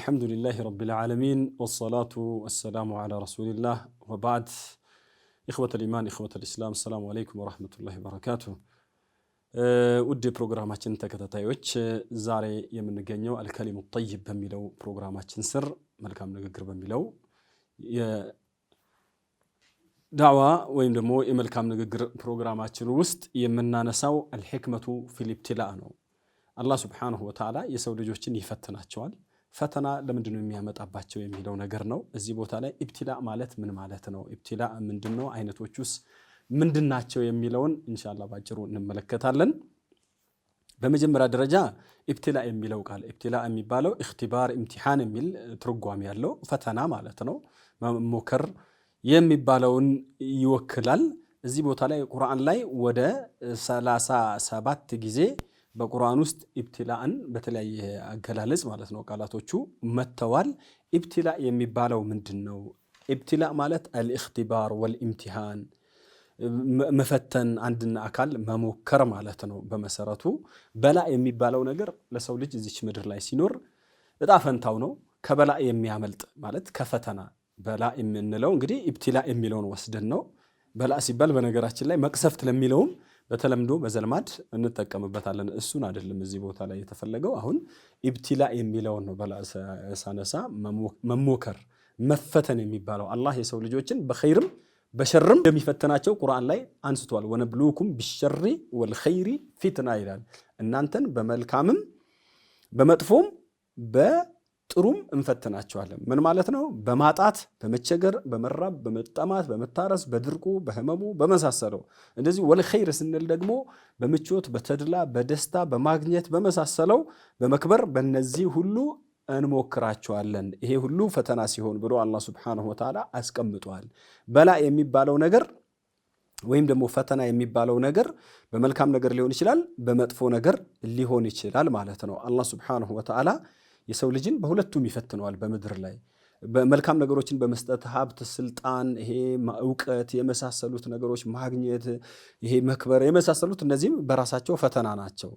الحمد لله رب العالمين والصلاة والسلام على رسول الله وبعد إخوة الإيمان إخوة الإسلام السلام عليكم ورحمة الله وبركاته أه، ودي زاري يمن ተከታታዮች الكلم الطيب بميلو ጠይብ በሚለው ملكام ስር بميلو ንግግር በሚለው ዳዋ ወይም ደግሞ የመልካም ንግግር ፕሮግራማችን ውስጥ የምናነሳው አልሕክመቱ ፊል ኢብትላእ الله سبحانه وتعالى ወተዓላ የሰው يفتنا ይፈትናቸዋል። ፈተና ለምንድን ነው የሚያመጣባቸው የሚለው ነገር ነው። እዚህ ቦታ ላይ ኢብቲላ ማለት ምን ማለት ነው? ኢብቲላ ምንድን ነው? አይነቶቹስ ምንድን ናቸው? የሚለውን እንሻላ ባጭሩ እንመለከታለን። በመጀመሪያ ደረጃ ኢብቲላ የሚለው ቃል ኢብቲላ የሚባለው እክትባር ኢምቲሃን የሚል ትርጓሜ ያለው ፈተና ማለት ነው፣ መሞከር የሚባለውን ይወክላል። እዚህ ቦታ ላይ ቁርአን ላይ ወደ ሰላሳ ሰባት ጊዜ በቁርአን ውስጥ ኢብትላእን በተለያየ አገላለጽ ማለት ነው ቃላቶቹ መጥተዋል። ኢብትላ የሚባለው ምንድን ነው? ኢብትላ ማለት አልእክትባር ወልኢምቲሃን መፈተን አንድን አካል መሞከር ማለት ነው። በመሰረቱ በላ የሚባለው ነገር ለሰው ልጅ እዚች ምድር ላይ ሲኖር እጣ ፈንታው ነው። ከበላ የሚያመልጥ ማለት ከፈተና በላ የምንለው እንግዲህ ኢብትላ የሚለውን ወስደን ነው። በላ ሲባል በነገራችን ላይ መቅሰፍት ለሚለውም በተለምዶ በዘልማድ እንጠቀምበታለን። እሱን አይደለም እዚህ ቦታ ላይ የተፈለገው። አሁን ኢብቲላ የሚለውን ነው በላሳነሳ መሞከር፣ መፈተን የሚባለው አላህ የሰው ልጆችን በኸይርም በሸርም እንደሚፈተናቸው ቁርአን ላይ አንስቷል። ወነብሉኩም ቢሸሪ ወልኸይሪ ፊትና ይላል። እናንተን በመልካምም በመጥፎም በ ጥሩም እንፈትናቸዋለን። ምን ማለት ነው? በማጣት በመቸገር፣ በመራብ፣ በመጠማት፣ በመታረስ፣ በድርቁ፣ በህመሙ፣ በመሳሰለው እንደዚህ። ወልኸይር ስንል ደግሞ በምቾት፣ በተድላ፣ በደስታ፣ በማግኘት፣ በመሳሰለው በመክበር በነዚህ ሁሉ እንሞክራቸዋለን። ይሄ ሁሉ ፈተና ሲሆን ብሎ አላህ ሱብሓነሁ ወተዓላ አስቀምጧል። በላ የሚባለው ነገር ወይም ደግሞ ፈተና የሚባለው ነገር በመልካም ነገር ሊሆን ይችላል፣ በመጥፎ ነገር ሊሆን ይችላል ማለት ነው። አላህ ሱብሓነሁ ወተዓላ የሰው ልጅን በሁለቱም ይፈትነዋል በምድር ላይ መልካም ነገሮችን በመስጠት ሀብት፣ ስልጣን፣ ይሄ እውቀት የመሳሰሉት ነገሮች ማግኘት፣ ይሄ መክበር የመሳሰሉት እነዚህም በራሳቸው ፈተና ናቸው።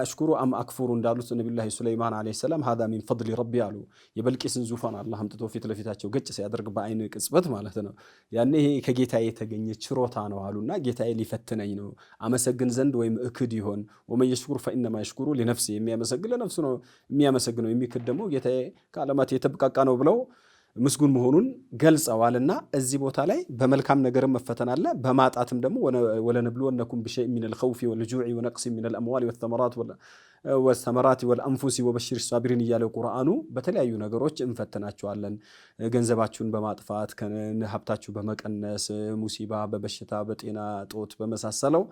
አሽኩሩ አም አክፉሩ እንዳሉት ነቢዩላህ ሱለይማን ዓለይሂ ሰላም ሀዛ ሚን ፈድሊ ረቢ አሉ። የበልቂስን ዙፋን አላህ አምጥቶ ፊት ለፊታቸው ገጭ ሲያደርግ በአይን ቅጽበት ማለት ነው። ያኔ ይሄ ከጌታዬ የተገኘ ችሮታ ነው አሉና ጌታዬ ሊፈትነኝ ነው፣ አመሰግን ዘንድ ወይም እክድ ይሆን። ወመን የሽኩር ፈኢነማ የሽኩሩ ሊነፍሲ፣ የሚያመሰግን ለነፍሱ ነው የሚያመሰግነው፣ የሚክድ ደግሞ ጌታዬ ከዓለማት የተብቃቃ ነው ብለው ምስጉን መሆኑን ገልጸዋልና እዚህ ቦታ ላይ በመልካም ነገር መፈተን አለ፣ በማጣትም ደግሞ ወለነብሉወነኩም ብሸ ሚነል ኸውፊ ወልጁዒ ወነቅሲ ሚነል አምዋል ወተመራት ወልአንፉሲ ወበሽር ሳቢሪን እያለ ቁርአኑ በተለያዩ ነገሮች እንፈትናቸዋለን። ገንዘባችሁን በማጥፋት ሀብታችሁ በመቀነስ ሙሲባ፣ በበሽታ፣ በጤና ጦት፣ በመሳሰለው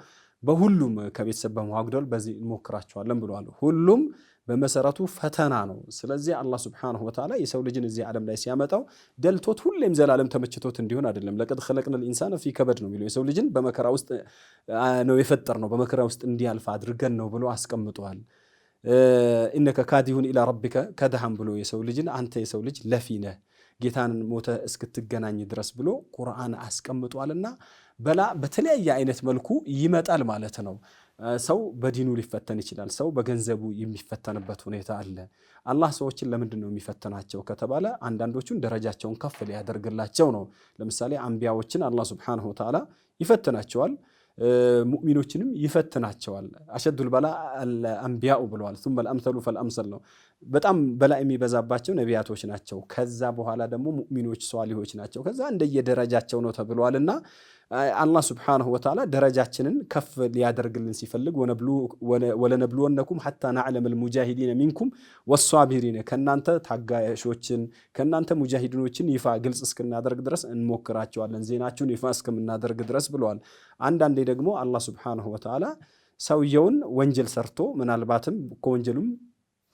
በሁሉም ከቤተሰብ በመዋግደል በዚህ እንሞክራቸዋለን ብለዋል ሁሉም በመሰረቱ ፈተና ነው። ስለዚህ አላህ ሱብሓነሁ ወተዓላ የሰው ልጅን እዚህ ዓለም ላይ ሲያመጣው ደልቶት ሁሌም ዘላለም ተመችቶት እንዲሆን አይደለም። ለቀድ ኸለቅነል ኢንሳነ ፊ ከበድ ነው የሚለው የሰው ልጅን በመከራ ውስጥ ነው የፈጠርነው፣ በመከራ ውስጥ እንዲያልፍ አድርገን ነው ብሎ አስቀምጧል። ኢነከ ካዲሁን ኢላ ረቢከ ከድሃን ብሎ የሰው ልጅን አንተ የሰው ልጅ ለፊ ጌታን ሞተ እስክትገናኝ ድረስ ብሎ ቁርአን አስቀምጧልና በላ በተለያየ አይነት መልኩ ይመጣል ማለት ነው። ሰው በዲኑ ሊፈተን ይችላል። ሰው በገንዘቡ የሚፈተንበት ሁኔታ አለ። አላህ ሰዎችን ለምንድን ነው የሚፈተናቸው ከተባለ አንዳንዶቹን ደረጃቸውን ከፍ ሊያደርግላቸው ነው። ለምሳሌ አንቢያዎችን አላህ ሱብሓነሁ ወተዓላ ይፈትናቸዋል። ሙእሚኖችንም ይፈትናቸዋል። አሸዱል በላ አልአንቢያኡ ብለዋል። ሱመ አልአምሰሉ ፈልአምሰል ነው በጣም በላይ የሚበዛባቸው ነቢያቶች ናቸው። ከዛ በኋላ ደግሞ ሙእሚኖች ሷሊሆች ናቸው። ከዛ እንደየደረጃቸው ነው እና አላህ ስብሓነሁ ወተዓላ ደረጃችንን ከፍ ሊያደርግልን ሲፈልግ ወለነብሎነኩም ሐታ ናዕለም ሙጃሂዲነ ሚንኩም ወሷቢሪነ ከእናንተ ታጋሾችን ከእናንተ ሙጃሂዲኖችን ይፋ ግልጽ እስክናደርግ ድረስ እንሞክራቸዋለን፣ ዜናችሁን ይፋ እስከምናደርግ ድረስ ብለዋል። አንዳንዴ ደግሞ አላህ ስብሓነሁ ወተዓላ ሰውየውን ወንጀል ሰርቶ ምናልባትም ከወንጀሉም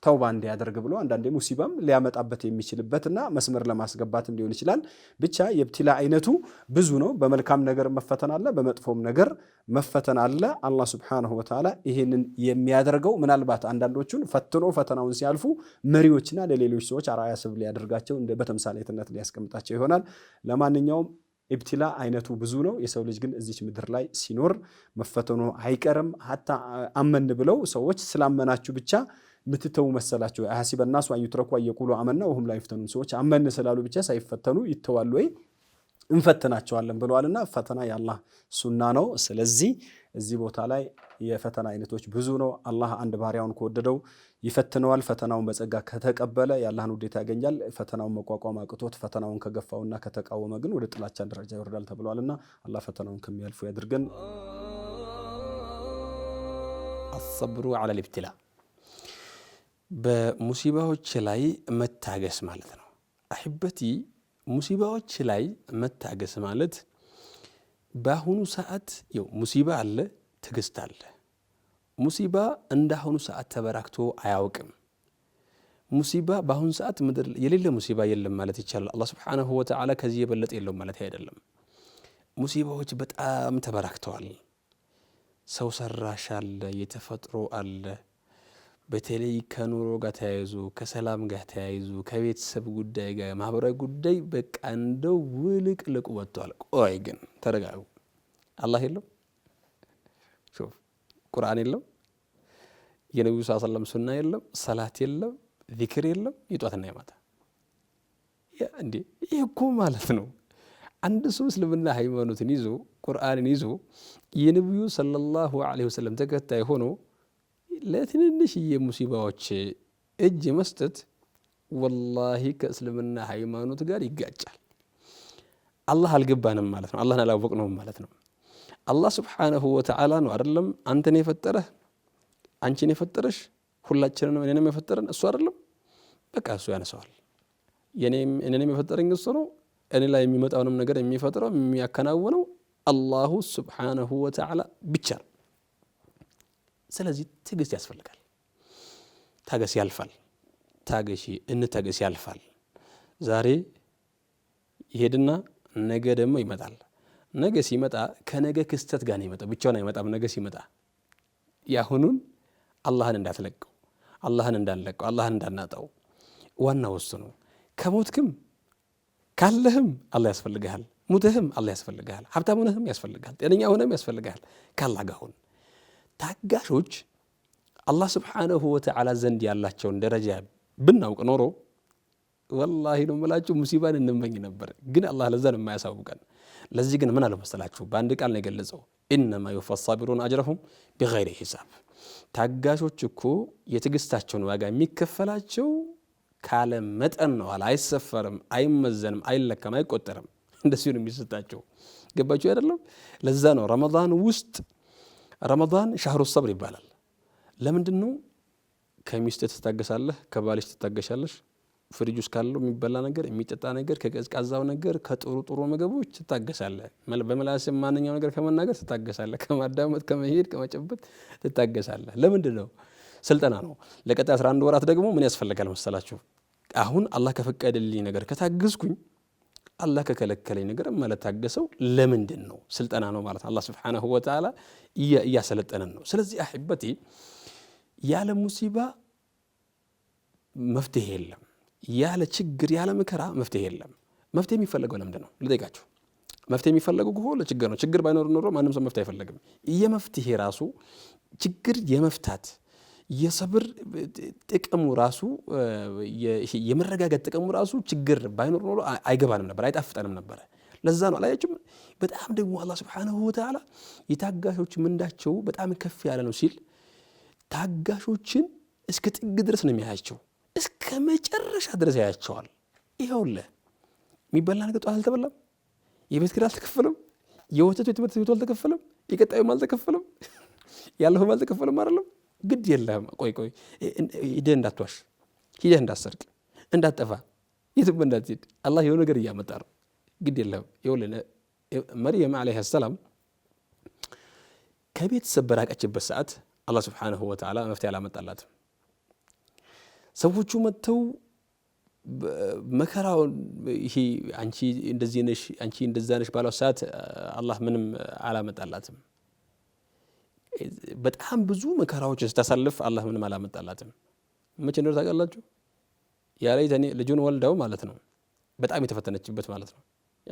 ተውባ እንዲያደርግ ብሎ አንዳንዴ ሙሲባም ሊያመጣበት የሚችልበትና መስመር ለማስገባትም ሊሆን ይችላል። ብቻ የብቲላ አይነቱ ብዙ ነው። በመልካም ነገር መፈተን አለ፣ በመጥፎም ነገር መፈተን አለ። አላህ ሱብሓነሁ ወተዓላ ይህንን የሚያደርገው ምናልባት አንዳንዶቹን ፈትኖ ፈተናውን ሲያልፉ መሪዎችና ለሌሎች ሰዎች አርአያ ስብ ሊያደርጋቸው በተምሳሌትነት ሊያስቀምጣቸው ይሆናል። ለማንኛውም ኢብትላ አይነቱ ብዙ ነው። የሰው ልጅ ግን እዚች ምድር ላይ ሲኖር መፈተኑ አይቀርም። ሀታ አመን ብለው ሰዎች ስላመናችሁ ብቻ ምትተው መሰላቸው? አሐሲበ ናሱ አዩትረኩ አየቁሉ አመና ወሁም ላይ ፍተኑን ሰዎች አመን ስላሉ ብቻ ሳይፈተኑ ይተዋሉ ወይ? እንፈትናቸዋለን ብለዋልና ፈተና የአላህ ሱና ነው። ስለዚህ እዚህ ቦታ ላይ የፈተና አይነቶች ብዙ ነው። አላህ አንድ ባሪያውን ከወደደው ይፈትነዋል። ፈተናውን በጸጋ ከተቀበለ የአላህን ውዴታ ያገኛል። ፈተናውን መቋቋም አቅቶት ፈተናውን ከገፋውና ከተቃወመ ግን ወደ ጥላቻ ደረጃ ይወርዳል ተብሏልና አላህ ፈተናውን ከሚያልፉ ያድርገን። አሰብሩ ዐለል ኢብትላ በሙሲባዎች ላይ መታገስ ማለት ነው። አሕበቲ ሙሲባዎች ላይ መታገስ ማለት በአሁኑ ሰዓት ው ሙሲባ አለ፣ ትግስት አለ። ሙሲባ እንደ አሁኑ ሰዓት ተበራክቶ አያውቅም። ሙሲባ በአሁኑ ሰዓት ምድር የሌለ ሙሲባ የለም ማለት ይቻላል። አላህ ሱብሓነሁ ወተዓላ ከዚህ የበለጠ የለውም ማለት አይደለም። ሙሲባዎች በጣም ተበራክተዋል። ሰው ሰራሽ አለ፣ የተፈጥሮ አለ በተለይ ከኑሮ ጋር ተያይዞ ከሰላም ጋር ተያይዞ ከቤተሰብ ጉዳይ ጋር ማህበራዊ ጉዳይ በቃ እንደው ውልቅልቁ ወጥቷል። ቆይ ግን ተረጋጉ። አላህ የለው ቁርአን የለም የነቢዩ ስ ሰለም ሱና የለም ሰላት የለም ዚክር የለም የጧትና የማታ እንዴ! ይህ እኮ ማለት ነው አንድ ሰው እስልምና ሃይማኖትን ይዞ ቁርአንን ይዞ የነቢዩ ሰለላሁ ዐለይሂ ወሰለም ተከታይ ሆኖ ለትንንሽዬ ሙሲባዎች እጅ መስጠት ወላሂ ከእስልምና ሃይማኖት ጋር ይጋጫል። አላህ አልገባንም ማለት ነው። አላህን አላወቅነውም ማለት ነው። አላህ ስብሓነሁ ወተዓላ ነው አይደለም አንተን የፈጠረህ አንቺን የፈጠረሽ ሁላችንንም እኔንም የፈጠረን እሱ አይደለም። በቃ እሱ ያነሰዋል። እኔንም የፈጠረኝ እሱ ነው። እኔ ላይ የሚመጣውንም ነገር የሚፈጥረው የሚያከናውነው አላሁ ስብሓነሁ ወተዓላ ብቻ ነው። ስለዚህ ትዕግስት ያስፈልጋል። ታገስ ያልፋል። ታገሺ እንታገስ ያልፋል። ዛሬ ይሄድና ነገ ደግሞ ይመጣል። ነገ ሲመጣ ከነገ ክስተት ጋር ነው ይመጣው። ብቻውን አይመጣም። ነገ ሲመጣ ያሁኑን አላህን እንዳትለቀው፣ አላህን እንዳንለቀው፣ አላህን እንዳናጣው ዋና እሱ ነው። ከሞትክም ካለህም አላህ ያስፈልግሃል። ሙትህም አላህ ያስፈልግሃል። ሀብታም ሆነህም ያስፈልግሃል። ጤነኛ ሆነህም ያስፈልግሃል። ካላህ ጋር ሁን። ታጋሾች አላህ ስብሓነሁ ወተዓላ ዘንድ ያላቸውን ደረጃ ብናውቅ ኖሮ ወላሂ ነው የምላችሁ ሙሲባን እንመኝ ነበር። ግን አላህ ለዛ ነው የማያሳውቀን። ለዚህ ግን ምን አለ መሰላችሁ? በአንድ ቃል ነው የገለጸው፣ ኢነማ ዩወፋ ሳቢሩን አጅረሁም ቢገይሪ ሂሳብ። ታጋሾች እኮ የትዕግስታቸውን ዋጋ የሚከፈላቸው ካለ መጠን ነው አለ። አይሰፈርም፣ አይመዘንም፣ አይለካም፣ አይቆጠርም። እንደዚሁ ነው የሚሰጣቸው። ገባችሁ አይደለም? ለዛ ነው ረመዳን ውስጥ ረመዳን ሻህሩ ሰብር ይባላል። ለምንድን ነው ከሚስት ትታገሳለህ፣ ከባልሽ ትታገሻለሽ። ፍሪጅ ውስጥ ካለው የሚበላ ነገር የሚጠጣ ነገር ከቀዝቃዛው ነገር ከጥሩ ጥሩ ምግቦች ትታገሳለህ። በመላስ ማንኛው ነገር ከመናገር ትታገሳለህ፣ ከማዳመጥ ከመሄድ ከመጨበጥ ትታገሳለህ። ለምንድን ነው? ስልጠና ነው። ለቀጣይ 11 ወራት ደግሞ ምን ያስፈልጋል መሰላችሁ? አሁን አላህ ከፈቀደልኝ ነገር ከታገዝኩኝ አላህ ከከለከለኝ ነገር መለታገሰው ለምንድን ነው? ስልጠና ነው ማለት አላህ ስብሓነሁ ወተዓላ እያሰለጠነን ነው። ስለዚህ አሕበቴ ያለ ሙሲባ መፍትሄ የለም። ያለ ችግር ያለ መከራ መፍትሄ የለም። መፍትሄ የሚፈለገው ለምንድን ነው ልጠይቃችሁ። መፍትሄ የሚፈለገው እኮ ለችግር ነው። ችግር ባይኖር ኖሮ ማንም ሰው መፍትሄ አይፈለግም። የመፍትሄ ራሱ ችግር የመፍታት የሰብር ጥቅሙ ራሱ የመረጋጋት ጥቅሙ ራሱ ችግር ባይኖር ኖሮ አይገባንም ነበር፣ አይጣፍጠንም ነበረ። ለዛ ነው አላያችሁም? በጣም ደግሞ አላህ ሱብሓነሁ ወተዓላ የታጋሾች ምንዳቸው በጣም ከፍ ያለ ነው ሲል ታጋሾችን እስከ ጥግ ድረስ ነው የሚያያቸው፣ እስከ መጨረሻ ድረስ ያያቸዋል። ይኸውልህ የሚበላ ነገር ጠዋት አልተበላም፣ የቤት ኪራይ አልተከፈለም፣ የወተቱ የትምህርት ቤቱ አልተከፈለም፣ የቀጣዩም አልተከፈለም፣ ያለፈም አልተከፈለም አይደለም ግድ የለህም። ቆይ ቆይ ሂደህ እንዳትዋሽ፣ ሂደህ እንዳትሰርቅ፣ እንዳትጠፋ፣ የትም እንዳትሄድ አላህ የሆነ ነገር እያመጣር ግድ የለህም። ይኸውልህ መርየም ዓለይሃ ሰላም ከቤተሰብ በራቀችበት ሰዓት አላህ ስብሓነሁ ወተዓላ መፍትሄ አላመጣላትም። ሰዎቹ መጥተው መከራውን ይሄ አንቺ እንደዚህ ነሽ፣ አንቺ እንደዛ ነሽ ባለው ሰዓት አላህ ምንም አላመጣላትም። በጣም ብዙ መከራዎች ስታሳልፍ አላህ ምንም አላመጣላትም። መቼ እንደሆነ ታውቃላችሁ? ያለይተኒ ልጁን ወልደው ማለት ነው በጣም የተፈተነችበት ማለት ነው።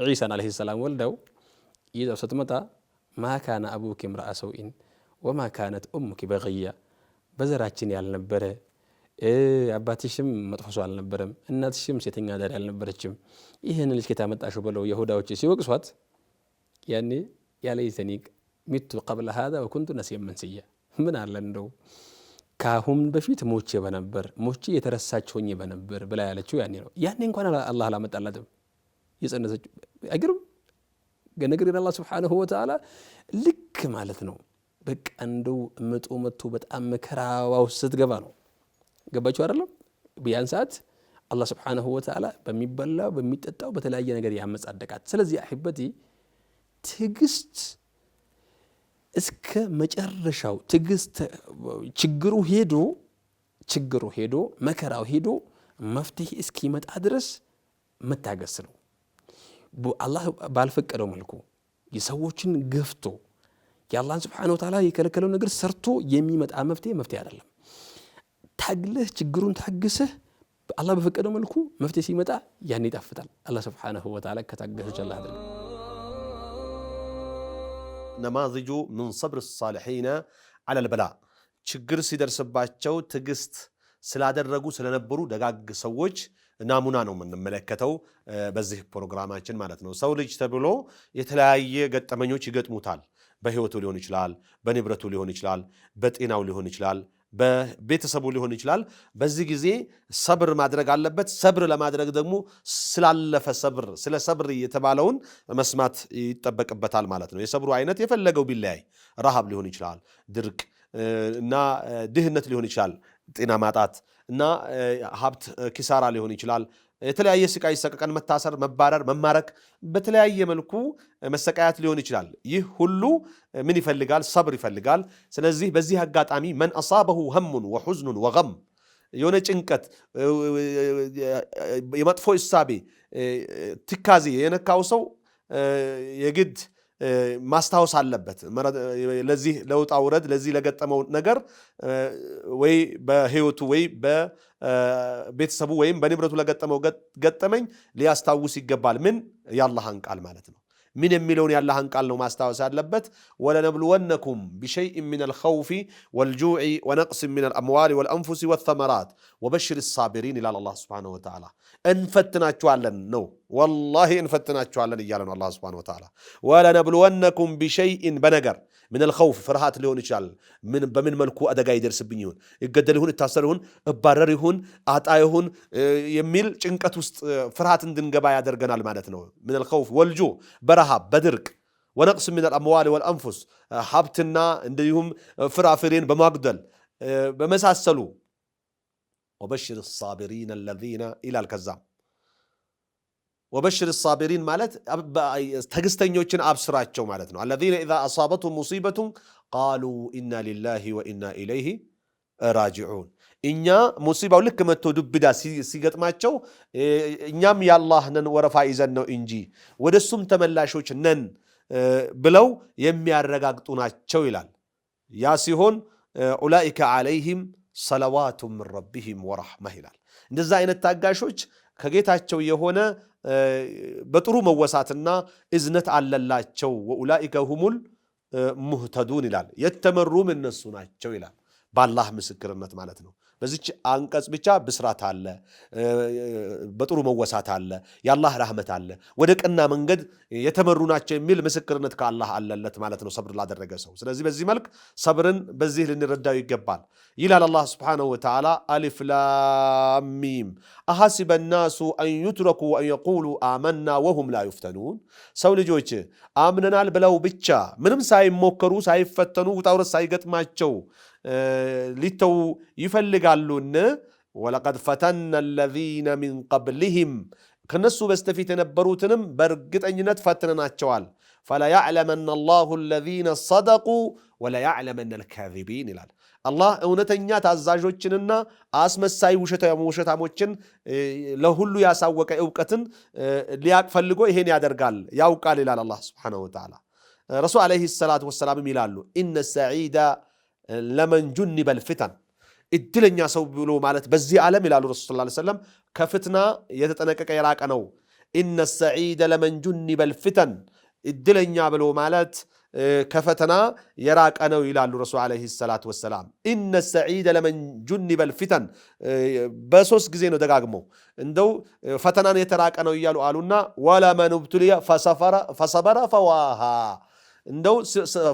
ዒሳን ዓለይሂ ሰላም ወልደው ይዘው ስትመጣ ማ ካነ አቡኪ ምርአ ሰውኢን ወማ ካነት ኡሙኪ በቅያ፣ በዘራችን ያልነበረ አባትሽም መጥፎ ሰው አልነበረም፣ እናትሽም ሴተኛ አዳሪ አልነበረችም፣ ይህን ልጅ ከየት አመጣሽው ብለው የሁዳዎች ሲወቅሷት ያኔ ያለይተኒ ሚቱ ቀብለ ሀዛ ወኩንቱ ነሲየን መንስያ ምን አለ እንደው ካሁን በፊት ሞቼ በነበር ሞቼ የተረሳች ሆኜ በነበር ብላ ያለችው ያኔ ነው። ያኔ እንኳን አላህ አላመጣላትም የጸነሰችው አይገርም ነገር ግን አላህ ስብሓነሁ ወተዓላ ልክ ማለት ነው። በቃ እንደው ምጡ መጥቶ በጣም መከራዋ ውስጥ ስትገባ ነው። ገባችሁ አይደለም? ያን ሰዓት አላህ ስብሓነሁ ወተዓላ በሚበላው በሚጠጣው በተለያየ ነገር ያመጻደቃት። ስለዚህ አሕበቴ ትዕግስት እስከ መጨረሻው ትግስት ችግሩ ሄዶ ችግሩ ሄዶ መከራው ሄዶ መፍትሄ እስኪመጣ ድረስ መታገስ ነው። አላህ ባልፈቀደው መልኩ የሰዎችን ገፍቶ የአላህን ስብሓነሁ ወተዓላ የከለከለው ነገር ሰርቶ የሚመጣ መፍትሄ መፍትሄ አይደለም። ታግለህ ችግሩን ታግሰህ አላህ በፈቀደው መልኩ መፍትሄ ሲመጣ ያኔ ይጣፍጣል። አላህ ስብሓነሁ ወተዓላ ከታገሰች አላህ ነማዝጁ ምን ሰብር ሳሊሒነ አለል ችግር ሲደርስባቸው ትዕግስት ስላደረጉ ስለነበሩ ደጋግ ሰዎች ናሙና ነው የምንመለከተው በዚህ ፕሮግራማችን ማለት ነው። ሰው ልጅ ተብሎ የተለያየ ገጠመኞች ይገጥሙታል። በህይወቱ ሊሆን ይችላል፣ በንብረቱ ሊሆን ይችላል፣ በጤናው ሊሆን ይችላል በቤተሰቡ ሊሆን ይችላል። በዚህ ጊዜ ሰብር ማድረግ አለበት። ሰብር ለማድረግ ደግሞ ስላለፈ ሰብር ስለ ሰብር የተባለውን መስማት ይጠበቅበታል ማለት ነው። የሰብሩ አይነት የፈለገው ቢለያይ ረሃብ ሊሆን ይችላል፣ ድርቅ እና ድህነት ሊሆን ይችላል፣ ጤና ማጣት እና ሀብት ኪሳራ ሊሆን ይችላል የተለያየ ስቃይ ይሰቀቀን፣ መታሰር፣ መባረር፣ መማረክ፣ በተለያየ መልኩ መሰቃያት ሊሆን ይችላል። ይህ ሁሉ ምን ይፈልጋል? ሰብር ይፈልጋል። ስለዚህ በዚህ አጋጣሚ መን አሳበሁ ሀሙን ወሑዝኑን ወገም የሆነ ጭንቀት፣ የመጥፎ እሳቤ፣ ትካዜ የነካው ሰው የግድ ማስታወስ አለበት። ለዚህ ለውጣ ውረድ ለዚህ ለገጠመው ነገር ወይ በህይወቱ ወይ በቤተሰቡ ወይም በንብረቱ ለገጠመው ገጠመኝ ሊያስታውስ ይገባል። ምን የአላህን ቃል ማለት ነው። ምን የሚለውን ያላህን ቃል ነው ማስታወስ ያለበት። ወለነብልወነኩም ቢሸይእ ሚነል ኸውፊ ወልጁዕ ወነቅስ ሚነል አምዋል ወልአንፉሲ ወተመራት ወበሽር ሳቢሪን ይላል አላህ ሱብሓነሁ ወተዓላ። እንፈትናችኋለን ነው ወላሂ እንፈትናችኋለን እያለ ነው አላህ ሱብሓነሁ ወተዓላ። ወለነብልወነኩም ቢሸይእን በነገር ምን ልኸውፍ ፍርሃት ሊሆን ይችላል። በምን መልኩ አደጋ ይደርስብኝ ይሁን፣ ይገደል ይሁን፣ ይታሰር ይሁን፣ እባረር ይሁን፣ አጣ ይሁን የሚል ጭንቀት ውስጥ ፍርሃት እንድንገባ ያደርገናል ማለት ነው። ምን ልኸውፍ ወልጁ በረሃብ በድርቅ ወነቅስ ምን አልአምዋል ወልአንፉስ ሀብትና እንዲሁም ፍራፍሬን በማጉደል በመሳሰሉ ወበሽር ሳቢሪን አለዚነ ይላል ከዛም ወበሽር ሳቢሪን ማለት ትዕግስተኞችን አብስራቸው ማለት ነው። አለዚነ ኢዛ አሳበቱም ሙሲበቱን ቃሉ ኢና ሊላሂ ወኢና ኢለይሂ ራጅዑን። እኛ ሙሲባው ልክ መቶ ዱብዳ ሲገጥማቸው እኛም የአላህ ነን ወረፋ ይዘን ነው እንጂ ወደሱም ተመላሾች ነን ብለው የሚያረጋግጡ ናቸው ይላል። ያ ሲሆን ኡላኢከ ዓለይሂም ሰለዋቱ ምን ረቢሂም ወራሕመህ ይላል። እንደዛ አይነት ታጋሾች ከጌታቸው የሆነ በጥሩ መወሳትና እዝነት አለላቸው። ወኡላኢከ ሁሙል ሙህተዱን ይላል። የተመሩም እነሱ ናቸው ይላል። በአላህ ምስክርነት ማለት ነው። በዚች አንቀጽ ብቻ ብስራት አለ፣ በጥሩ መወሳት አለ፣ የአላህ ራህመት አለ፣ ወደ ቀና መንገድ የተመሩ ናቸው የሚል ምስክርነት ከአላህ አለለት ማለት ነው ሰብር ላደረገ ሰው። ስለዚህ በዚህ መልክ ሰብርን በዚህ ልንረዳው ይገባል። ይላል አላህ ስብሓነሁ ወተዓላ አሊፍ ላም ሚም አሐሲበ ናሱ አን ዩትረኩ አን የቁሉ አመና ወሁም ላ ዩፍተኑን ሰው ልጆች አምነናል ብለው ብቻ ምንም ሳይሞከሩ ሳይፈተኑ ውጣውረት ሳይገጥማቸው ሊተዉ ይፈልጋሉን? ወለቀድ ፈተና አለዚነ ሚን ቀብሊሂም ከነሱ በስተፊት የነበሩትንም በእርግጠኝነት ፈትነናቸዋል። ፈለያዕለመና አላሁ አለዚነ ሰደቁ ወለያዕለመና አልካዚቢን ይላል። አላህ እውነተኛ ታዛዦችንና አስመሳይ ውሸታሞችን ለሁሉ ያሳወቀ እውቀትን ሊያቅ ፈልጎ ይሄን ያደርጋል ያውቃል ይላል አላህ ሱብሓነሁ ወተዓላ። ረሱል ዓለይሂ ሰላቱ ወሰላምም ይላሉ ኢነ ሰዒዳ ለመንጁን ይበል ፊተን እድለኛ ሰው ብሎ ማለት በዚህ ዓለም ይላሉ ረሱል ሰለላሁ ዐለይሂ ወሰለም ከፍትና የተጠነቀቀ የራቀ ነው። ኢነ ሰዒደ ለመንጁን ይበል ፊተን እድለኛ ብሎ ማለት ከፈተና የራቀ ነው ይላሉ ረሱል ዐለይሂ ሰላቱ ወሰላም። ኢነ ሰዒደ ለመንጁን ይበል ፊተን በሶስት ጊዜ ነው ደጋግሞ እንደው ፈተናን የተራቀ ነው እያሉ አሉና ወለመን ብቱልያ ፈሰበረ ፈዋሃ እንደው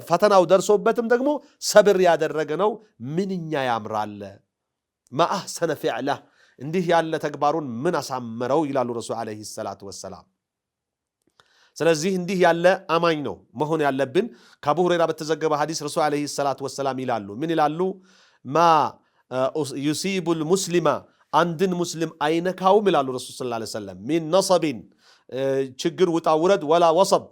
ፈተናው ደርሶበትም ደግሞ ሰብር ያደረገ ነው ምንኛ ያምራል። መአህሰነ ፊዕላ እንዲህ ያለ ተግባሩን ምን አሳምረው ይላሉ ረሱል ዓለይሂ ሰላቱ ወሰላም። ስለዚህ እንዲህ ያለ አማኝ ነው መሆን ያለብን። ከአቡ ሁረይራ በተዘገበ ሐዲስ ረሱል ዓለይሂ ሰላቱ ወሰላም ይላሉ ምን ይላሉ? ማ ዩሲቡል ሙስሊማ አንድን ሙስሊም አይነካውም ይላሉ ረሱል ሰለላሁ ዓለይሂ ወሰለም። ሚን ነሰቢን ችግር ውጣ ውረድ ወላ ወሰብ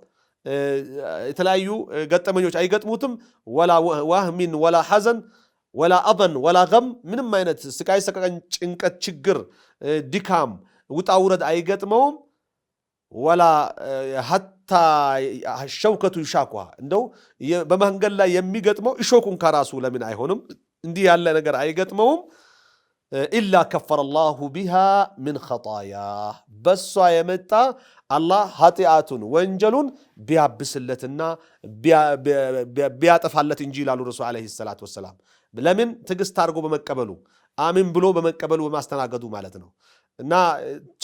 የተለያዩ ገጠመኞች አይገጥሙትም። ወላ ዋህሚን ወላ ሐዘን ወላ አበን ወላ ገም ምንም አይነት ስቃይ ሰቀቀን፣ ጭንቀት፣ ችግር፣ ድካም፣ ውጣውረድ አይገጥመውም። ወላ ሀታ ሸውከቱ ይሻኳ እንደው በመንገድ ላይ የሚገጥመው እሾኩን ከራሱ ለምን አይሆንም? እንዲህ ያለ ነገር አይገጥመውም። ኢላ ከፈረላሁ ቢሃ ምን ኸጣያ በሷ የመጣ አላህ ኃጢአቱን ወንጀሉን ቢያብስለትና ቢያጠፋለት እንጂ ይላሉ ረሱል ዓለይሂ ሰላት ወሰላም። ለምን ትዕግስት አድርጎ በመቀበሉ አሚን ብሎ በመቀበሉ በማስተናገዱ ማለት ነው። እና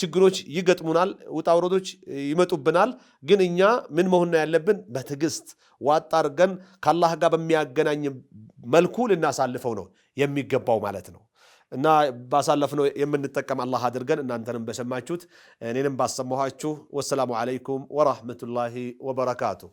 ችግሮች ይገጥሙናል፣ ውጣ ውረዶች ይመጡብናል። ግን እኛ ምን መሆን ያለብን በትዕግስት ዋጣ አድርገን ከአላህ ጋር በሚያገናኝ መልኩ ልናሳልፈው ነው የሚገባው ማለት ነው። እና ባሳለፍነው የምንጠቀም አላህ አድርገን እናንተንም በሰማችሁት እኔንም ባሰማኋችሁ። ወሰላሙ ዓለይኩም ወራህመቱላሂ ወበረካቱ።